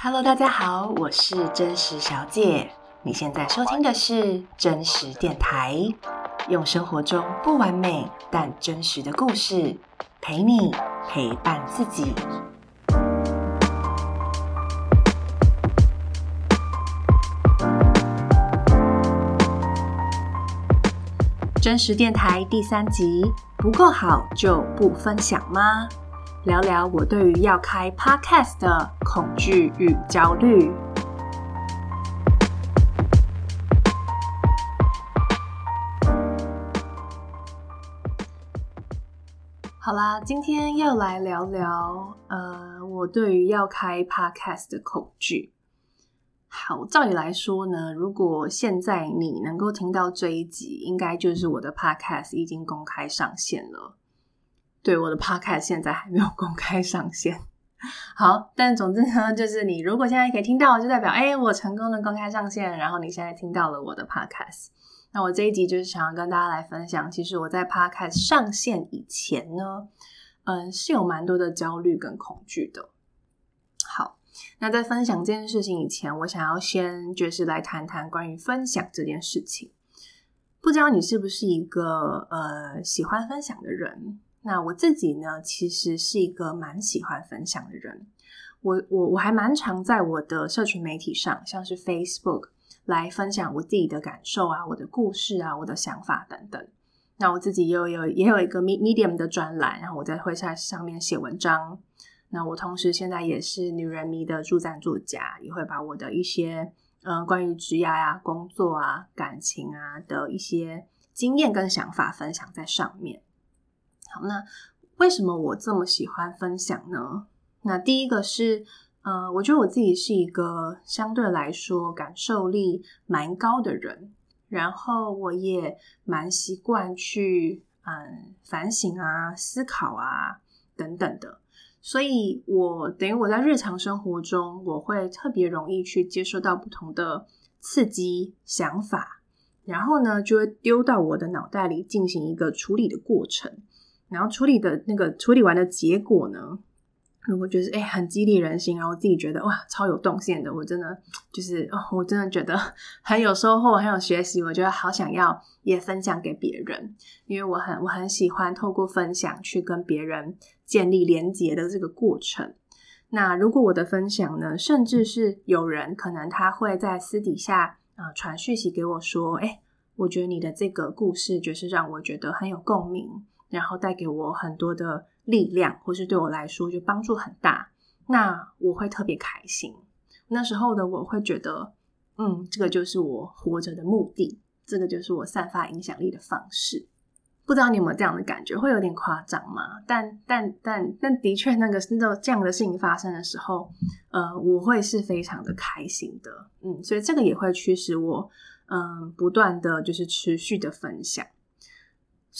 Hello，大家好，我是真實小姐。你現在收聽的是真實電台，用生活中不完美但真實的故事，陪你陪伴自己。真實電台第三集，不夠好就不分享嗎？聊聊我對於要開 podcast 的恐懼與焦慮。好啦，今天要來聊聊，呃，我對於要開 podcast 的恐懼。好，照理來說呢，如果現在你能夠聽到這一集，應該就是我的 podcast 已經公開上線了。對，我的 podcast 現在還沒有公開上線。好，但總之呢，就是你如果現在可以聽到，就代表誒、哎、我成功的公開上線。然後你現在聽到了我的 podcast，那我這一集就是想要跟大家來分享，其實我在 podcast 上線以前呢，嗯、呃，是有蠻多的焦慮跟恐懼的。好，那在分享這件事情以前，我想要先就是來談談關於分享這件事情。不知道你是不是一個呃喜歡分享的人？那我自己呢，其實是一個蠻喜歡分享的人。我我我還蠻常在我的社群媒體上，像是 Facebook 來分享我自己的感受啊、我的故事啊、我的想法等等。那我自己又有也有一個 mi Medium 的專欄，然後我在會在上面寫文章。那我同時現在也是女人迷的駐站作家，也會把我的一些嗯、呃、關於職業啊、工作啊、感情啊的一些經驗跟想法分享在上面。好，那為什麼我這麼喜歡分享呢？那第一個是，呃，我覺得我自己是一個相對來說感受力蠻高的人，然後我也蠻習慣去，嗯，反省啊、思考啊等等的，所以我等於我在日常生活中，我會特別容易去接受到不同的刺激、想法，然後呢，就會丟到我的腦袋裡進行一個處理的過程。然後處理的那個處理完的結果呢，如果就是誒、欸、很激勵人心，然後自己覺得哇，超有動線的，我真的就是哦，我真的覺得很有收穫，很有學習，我覺得好想要也分享給別人，因為我很我很喜歡透過分享去跟別人建立連結的這個過程。那如果我的分享呢，甚至是有人可能他會在私底下啊、呃、傳訊息給我說，誒、欸、我覺得你的這個故事就是讓我覺得很有共鳴。然後帶給我很多的力量，或是對我來說就幫助很大，那我會特別開心。那時候的我會覺得，嗯，這個就是我活着的目的，這個就是我散發影響力的方式。不知道你有沒有這樣的感覺？會有點誇張嗎？但但但但的確，那個那這樣的事情發生的時候，呃，我會是非常的開心的。嗯，所以這個也會驅使我，嗯、呃，不斷的就是持續的分享。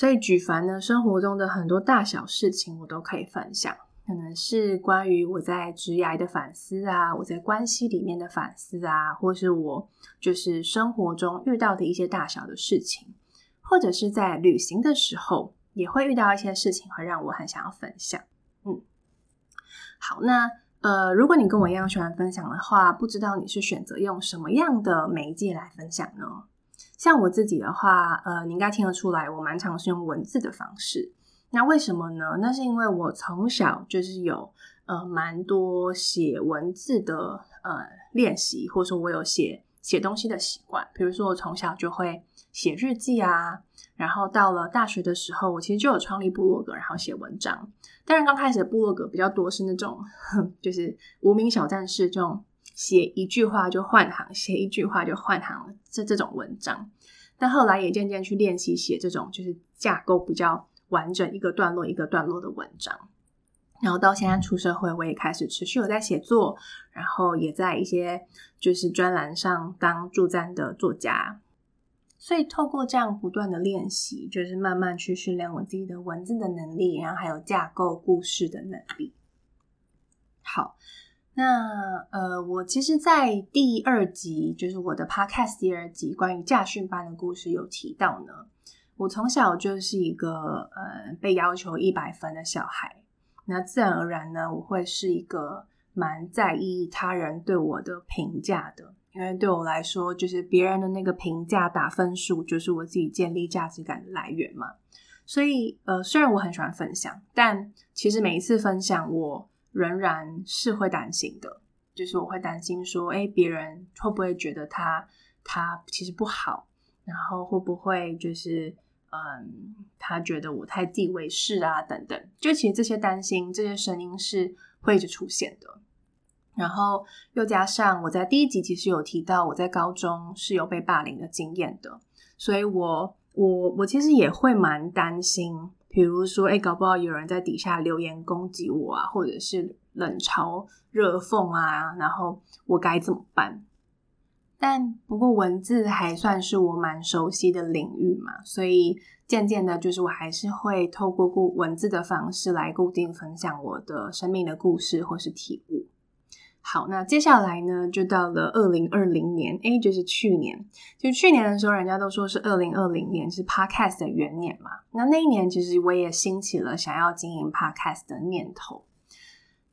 所以舉凡呢，生活中的很多大小事情，我都可以分享。可能是關於我在職涯的反思啊，我在關係裡面的反思啊，或是我就是生活中遇到的一些大小的事情，或者是在旅行的時候也會遇到一些事情，會讓我很想要分享。嗯，好，那呃，如果你跟我一樣喜歡分享的話，不知道你是選擇用什麼樣的媒介來分享呢？像我自己的話，呃，你應該聽得出來，我蠻常是用文字的方式。那為什麼呢？那是因為我從小就是有呃蠻多寫文字的呃練習，或者說我有寫寫東西的習慣。比如說我從小就會寫日記啊，然後到了大學的時候，我其實就有創立部落格，然後寫文章。但是剛開始的部落格比較多是那種，哼，就是無名小戰士這種。寫一句話就換行，寫一句話就換行，這這種文章，但後來也漸漸去練習寫這種，就是架構比較完整，一個段落一個段落的文章。然後到現在出社會，我也開始持續有在寫作，然後也在一些就是專欄上當駐站的作家。所以透過這樣不斷的練習，就是慢慢去訓練我自己的文字的能力，然後還有架構故事的能力。好。那呃，我其實，在第二集就是我的 podcast 第二集關於駕訓班的故事有提到呢。我從小就是一個呃被要求一百分的小孩，那自然而然呢，我會是一個蠻在意他人對我的評價的。因為對我來說，就是別人的那個評價打分數，就是我自己建立價值感的來源嘛。所以呃，雖然我很喜歡分享，但其實每一次分享我。仍然是會擔心的，就是我會擔心說，哎，別人會不會覺得他他其實不好，然後會不會就是嗯，他覺得我太自以為是啊，等等。就其實這些擔心，這些聲音是會一直出現的。然後又加上我在第一集其實有提到我在高中是有被霸凌的經驗的，所以我我我其實也會蠻擔心。比如說，哎，搞不好有人在底下留言攻擊我啊，或者是冷嘲熱諷啊，然後我該怎麼辦？但不過文字還算是我蠻熟悉的領域嘛，所以漸漸的，就是我還是會透過固文字的方式來固定分享我的生命的故事或是體悟。好，那接下來呢，就到了二零二零年，誒，就是去年，就去年的時候，人家都說是二零二零年是 Podcast 的元年嘛。那那一年，其實我也興起了想要經營 Podcast 的念頭，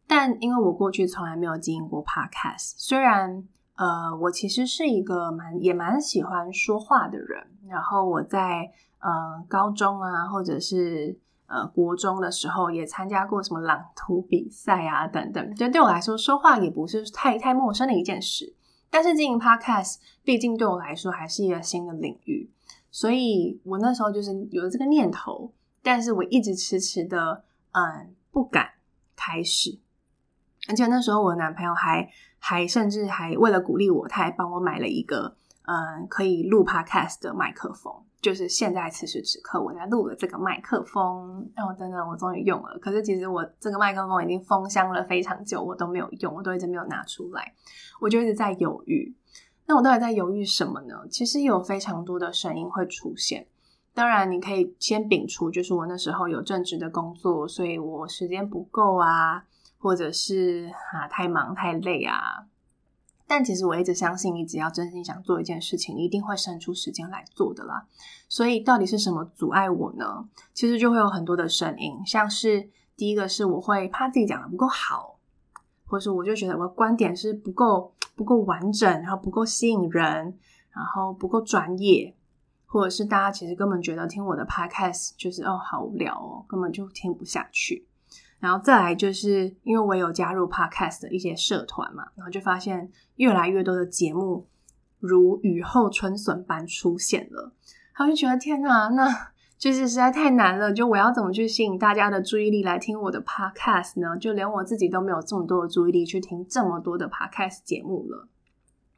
但因為我過去從來沒有經營過 Podcast，雖然呃，我其實是一個蠻也蠻喜歡說話的人，然後我在呃高中啊，或者是。呃，國中的時候也參加過什麼朗讀比賽啊，等等。就對我來說，說話也不是太太陌生的一件事。但是經營 Podcast，畢竟對我來說還是一個新的領域，所以我那時候就是有了這個念頭，但是我一直遲遲的，嗯，不敢開始。而且那時候我男朋友還還甚至還為了鼓勵我，他還幫我買了一個，嗯，可以錄 Podcast 的麥克風。就是現在此時此刻，我在錄了這個麥克風，然後等等，我終於用了。可是其實我這個麥克風已經封箱了非常久，我都沒有用，我都一直沒有拿出來，我就一直在猶豫。那我到底在猶豫什麼呢？其實有非常多的聲音會出現。當然，你可以先摒除，就是我那時候有正職的工作，所以我時間不夠啊，或者是啊太忙太累啊。但其實我一直相信，你只要真心想做一件事情，你一定會生出時間來做的啦。所以到底是什麼阻礙我呢？其實就會有很多的聲音，像是第一個是我會怕自己講得不夠好，或是我就覺得我的觀點是不夠不夠完整，然後不夠吸引人，然後不夠專業，或者是大家其實根本覺得聽我的 podcast 就是，哦，好無聊哦，根本就聽不下去。然後再來就是，因為我有加入 podcast 的一些社團嘛，然後就發現越來越多的節目如雨後春筍般出現了。然後就覺得天哪，那就是實在太難了，就我要怎麼去吸引大家的注意力來聽我的 podcast 呢？就連我自己都沒有這麼多的注意力去聽這麼多的 podcast 節目了。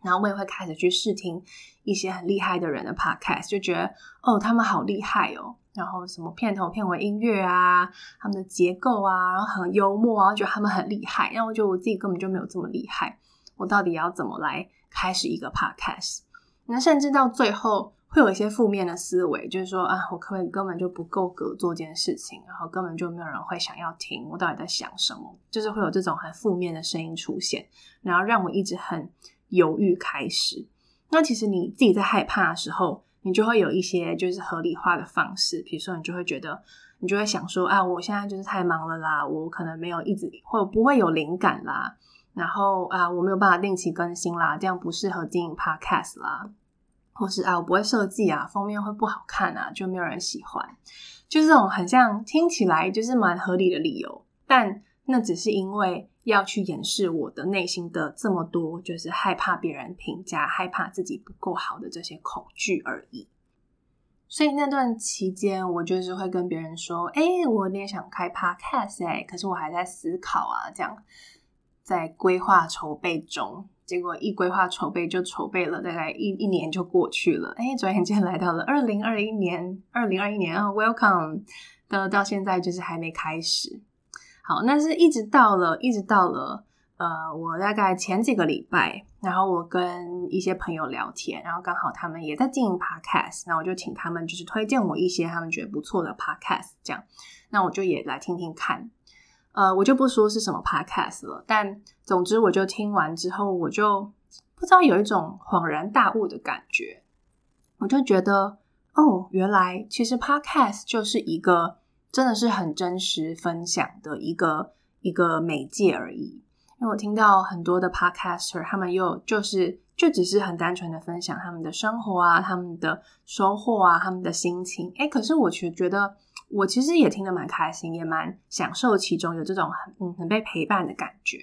然後我也會開始去試聽一些很厲害的人的 podcast，就覺得哦，他們好厲害哦。然後什麼片頭片尾音樂啊，他們的結構啊，然後很幽默啊，覺得他們很厲害，然後我覺得我自己根本就沒有這麼厲害，我到底要怎麼來開始一個 podcast？那甚至到最後會有一些負面的思維，就是說啊，我可能根本就不夠格做這件事情，然後根本就沒有人會想要聽我到底在想什麼，就是會有這種很負面的聲音出現，然後讓我一直很猶豫開始。那其實你自己在害怕的時候，你就會有一些就是合理化的方式，比如說你就會覺得，你就會想說啊，我現在就是太忙了啦，我可能沒有一直或不會有靈感啦，然後啊我沒有辦法定期更新啦，這樣不適合經營 Podcast 啦，或是啊我不會設計啊，封面會不好看啊，就沒有人喜歡，就這種很像聽起來就是蠻合理的理由，但那只是因為。要去掩飾我的內心的這麼多，就是害怕別人評價，害怕自己不夠好的這些恐懼而已。所以那段期間，我就是會跟別人說：“哎，欸，我也想開 podcast，哎，欸，可是我還在思考啊，這樣在規劃籌備中。結果一規劃籌備就籌備了大概一一年就過去了。哎，欸，轉眼間來到了二零二一年，二零二一年啊，Welcome！到到現在就是還沒開始。”好，那是一直到了，一直到了，呃，我大概前幾個禮拜，然後我跟一些朋友聊天，然後剛好他們也在經營 podcast，那我就請他們就是推薦我一些他們覺得不錯的 podcast，這樣，那我就也來聽聽看，呃，我就不說是什麼 podcast 了，但總之我就聽完之後，我就不知道有一種恍然大悟的感覺，我就覺得哦，原來其實 podcast 就是一個。真的是很真實分享的一個一個媒介而已，因為我聽到很多的 podcaster，他們又就是就只是很單純的分享他們的生活啊、他們的收穫啊、他們的心情。誒，可是我卻覺得我其實也聽得蠻開心，也蠻享受其中，有這種很很被陪伴的感覺。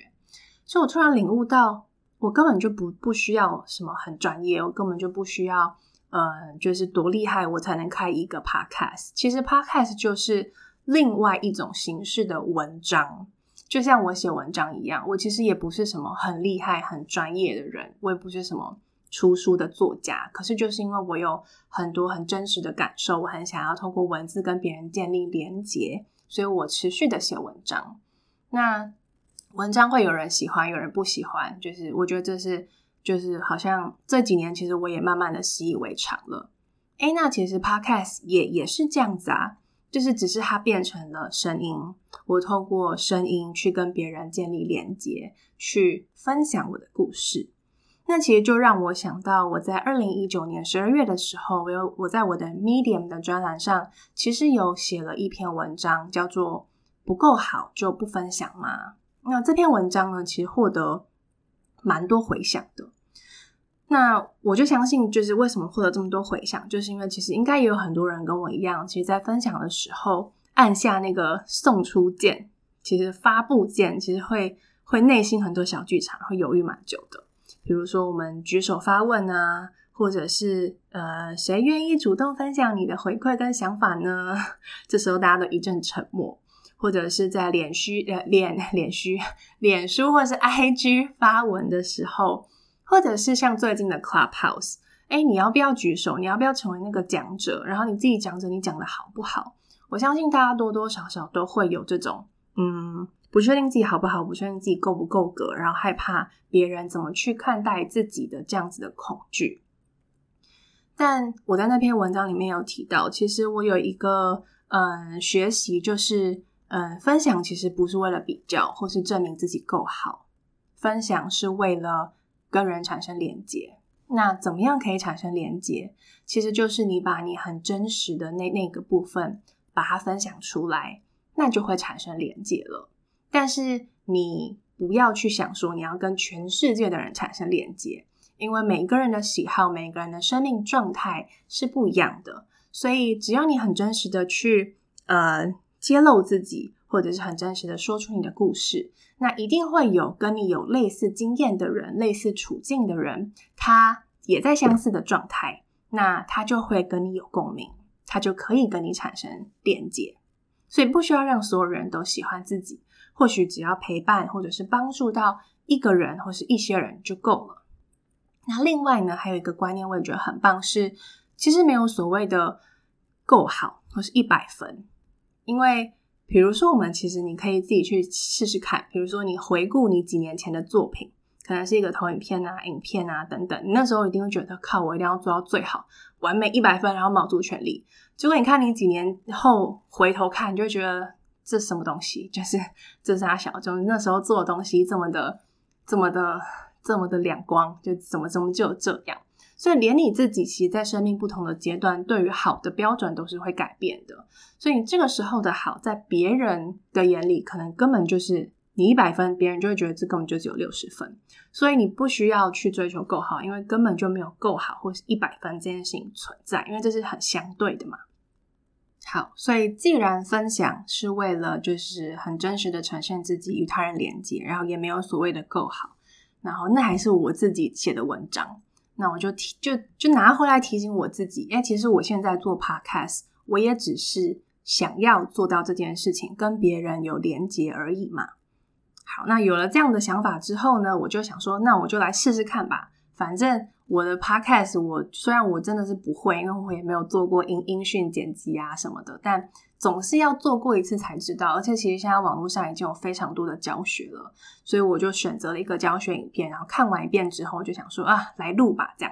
所以我突然領悟到，我根本就不不需要什麼很專業，我根本就不需要。呃、嗯，就是多厲害，我才能開一個 podcast？其實 podcast 就是另外一種形式的文章，就像我寫文章一樣。我其實也不是什麼很厲害、很專業的人，我也不是什麼出書的作家。可是，就是因為我有很多很真實的感受，我很想要通過文字跟別人建立連接，所以我持續的寫文章。那文章會有人喜歡，有人不喜歡，就是我覺得這是。就是好像這幾年，其實我也慢慢的習以為常了。哎，那其實 Podcast 也也是這樣子啊，就是只是它變成了聲音，我透過聲音去跟別人建立連接，去分享我的故事。那其實就讓我想到，我在二零一九年十二月的時候，我有我在我的 Medium 的專欄上，其實有寫了一篇文章，叫做“不夠好就不分享嗎？”那這篇文章呢，其實獲得蠻多回響的。那我就相信，就是為什麼獲得這麼多回響，就是因為其實應該也有很多人跟我一樣，其實，在分享的時候按下那個送出鍵，其實發布鍵，其實會會內心很多小劇場，會猶豫蠻久的。比如說，我們舉手發問啊，或者是呃，誰願意主動分享你的回饋跟想法呢？這時候大家都一陣沉默，或者是在臉書呃臉臉書臉書或是 IG 發文的時候。或者是像最近的 Clubhouse，欸，你要不要舉手？你要不要成為那個講者？然後你自己講者，你講得好不好？我相信大家多多少少都會有這種，嗯，不確定自己好不好，不確定自己夠不夠格，然後害怕別人怎麼去看待自己的這樣子的恐懼。但我在那篇文章裡面有提到，其實我有一個，嗯，學習就是，嗯，分享其實不是為了比較或是證明自己夠好，分享是為了，跟人產生連接，那怎麼樣可以產生連接？其實就是你把你很真實的那那個部分，把它分享出來，那就會產生連接了。但是你不要去想說你要跟全世界的人產生連接，因為每一個人的喜好、每一個人的生命狀態是不一樣的。所以只要你很真實的去呃揭露自己。或者是很真實的說出你的故事，那一定會有跟你有類似經驗的人、類似處境的人，他也在相似的狀態，那他就會跟你有共鳴，他就可以跟你產生連接。所以不需要讓所有人都喜歡自己，或許只要陪伴或者是幫助到一個人或是一些人就夠了。那另外呢，還有一個觀念我也覺得很棒，是其實沒有所謂的夠好或是一百分，因為。比如說，我們其實你可以自己去試試看。比如說，你回顧你幾年前的作品，可能是一個投影片啊、影片啊等等，你那時候一定會覺得，靠，我一定要做到最好，完美一百分，然後卯足全力。結果你看你幾年後回頭看，你就會覺得這是什麼東西，就是這是他小眾那時候做的東西，這麼的、這麼的、這麼的兩光，就怎麼怎麼就這樣。這連你自己，其實在生命不同的階段，對於好的標準都是會改變的。所以你這個時候的好，在別人的眼裡，可能根本就是你一百分，別人就會覺得這根本就只有六十分。所以你不需要去追求夠好，因為根本就沒有夠好或是一百分這件事情存在，因為這是很相對的嘛。好，所以既然分享是為了就是很真實的呈現自己與他人連接，然後也沒有所謂的夠好，然後那還是我自己寫的文章。那我就提，就就拿回來提醒我自己，欸，其實我現在做 podcast，我也只是想要做到這件事情，跟別人有連結而已嘛。好，那有了這樣的想法之後呢，我就想說，那我就來試試看吧。反正我的 podcast，我雖然我真的是不會，因為我也沒有做過音音訊剪輯啊什麼的，但。總是要做過一次才知道，而且其實現在網絡上已經有非常多的教學了，所以我就選擇了一個教學影片，然後看完一遍之後，就想說啊，來錄吧，這樣。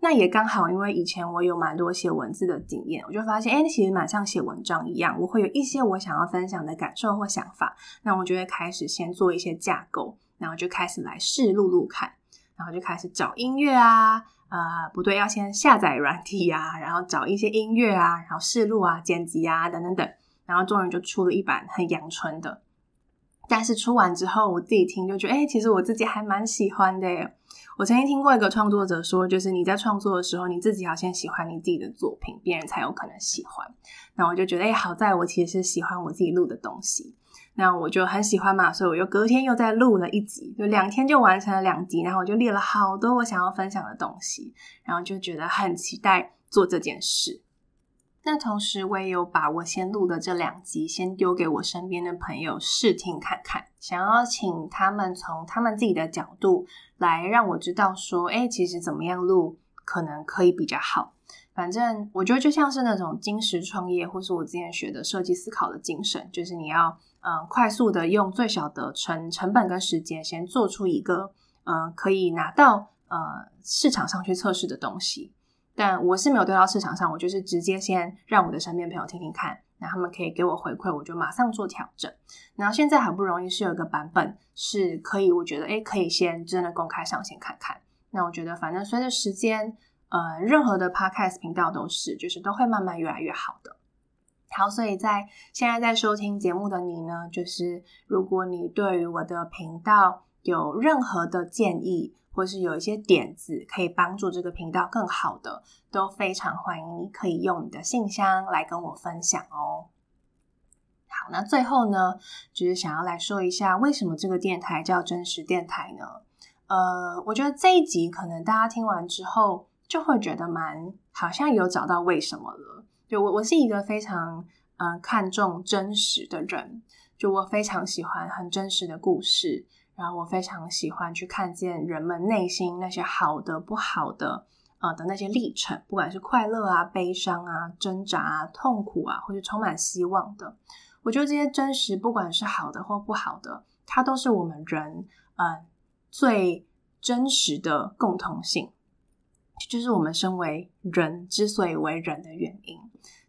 那也剛好，因為以前我有蠻多寫文字的經驗，我就發現，哎、欸，其實蠻像寫文章一樣，我會有一些我想要分享的感受或想法，那我就會開始先做一些架構，然後就開始來試錄錄看，然後就開始找音樂啊。呃，不對，要先下載軟體啊，然後找一些音樂啊，然後試錄啊、剪輯啊，等等等。然後終於就出了一版很陽春的。但是出完之後，我自己聽就覺得，哎、欸，其實我自己還蠻喜歡的。我曾經聽過一個創作者說，就是你在創作的時候，你自己要先喜歡你自己的作品，別人才有可能喜歡。那我就覺得，哎、欸，好在我其實是喜歡我自己錄的東西。那我就很喜歡嘛，所以我就隔天又再錄了一集，就兩天就完成了兩集。然後我就列了好多我想要分享的東西，然後就覺得很期待做這件事。那同時，我也有把我先錄的這兩集先丟給我身邊的朋友試聽看看，想要請他們從他們自己的角度來讓我知道說，哎、欸，其實怎麼樣錄可能可以比較好。反正我覺得就像是那種精實創業，或是我之前學的設計思考的精神，就是你要。嗯、呃，快速的用最小的成成本跟時間，先做出一個，呃，可以拿到呃市場上去測試的東西。但我是沒有丟到市場上，我就是直接先讓我的身邊朋友聽聽看，那他們可以給我回饋，我就馬上做調整。然後現在好不容易是有一個版本是可以，我覺得哎，可以先真的公開上線看看。那我覺得反正隨着時間，呃，任何的 podcast 頻道都是，就是都會慢慢越來越好的。好，所以在現在在收聽節目的你呢，就是如果你對於我的頻道有任何的建議，或是有一些點子可以幫助這個頻道更好的，都非常歡迎，你可以用你的信箱來跟我分享哦。好，那最後呢，就是想要來說一下，為什麼這個電臺叫真實電臺呢？呃，我覺得這一集可能大家聽完之後，就會覺得蠻好像有找到為什麼了。就我，我是一個非常嗯、呃、看重真實的人。就我非常喜歡很真實的故事，然後我非常喜歡去看見人們內心那些好的、不好的，呃的那些歷程，不管是快樂啊、悲傷啊、掙扎啊、痛苦啊，或是充滿希望的。我覺得這些真實，不管是好的或不好的，它都是我們人嗯、呃、最真實的共同性。就是我們身為人之所以為人的原因，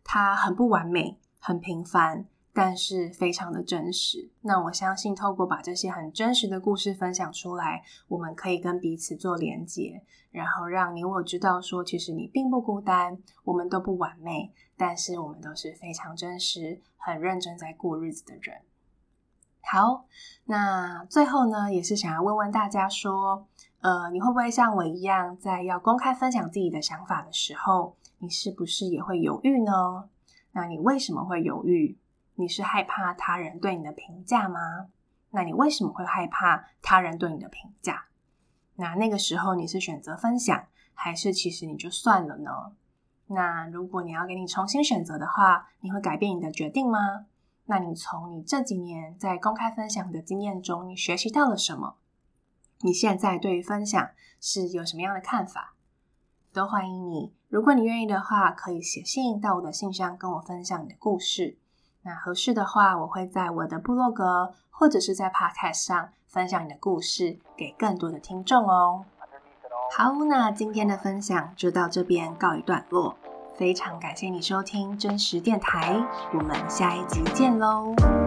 它很不完美，很平凡，但是非常的真實。那我相信，透過把這些很真實的故事分享出來，我們可以跟彼此做連接，然後讓你我知道說，其實你並不孤單，我們都不完美，但是我們都是非常真實、很認真在過日子的人。好，那最後呢，也是想要問問大家說，呃，你會不會像我一樣，在要公開分享自己的想法的時候，你是不是也會猶豫呢？那你為什麼會猶豫？你是害怕他人對你的評價嗎？那你為什麼會害怕他人對你的評價？那那個時候你是選擇分享，還是其實你就算了呢？那如果你要給你重新選擇的話，你會改變你的決定嗎？那你從你這幾年在公開分享的經驗中，你學習到了什麼？你現在對於分享是有什麼樣的看法？都歡迎你。如果你願意的話，可以寫信到我的信箱跟我分享你的故事。那合適的話，我會在我的部落格或者是在 Podcast 上分享你的故事給更多的聽眾哦。好，那今天的分享就到這邊告一段落。非常感謝你收聽《真實電台》，我們下一集見嘍。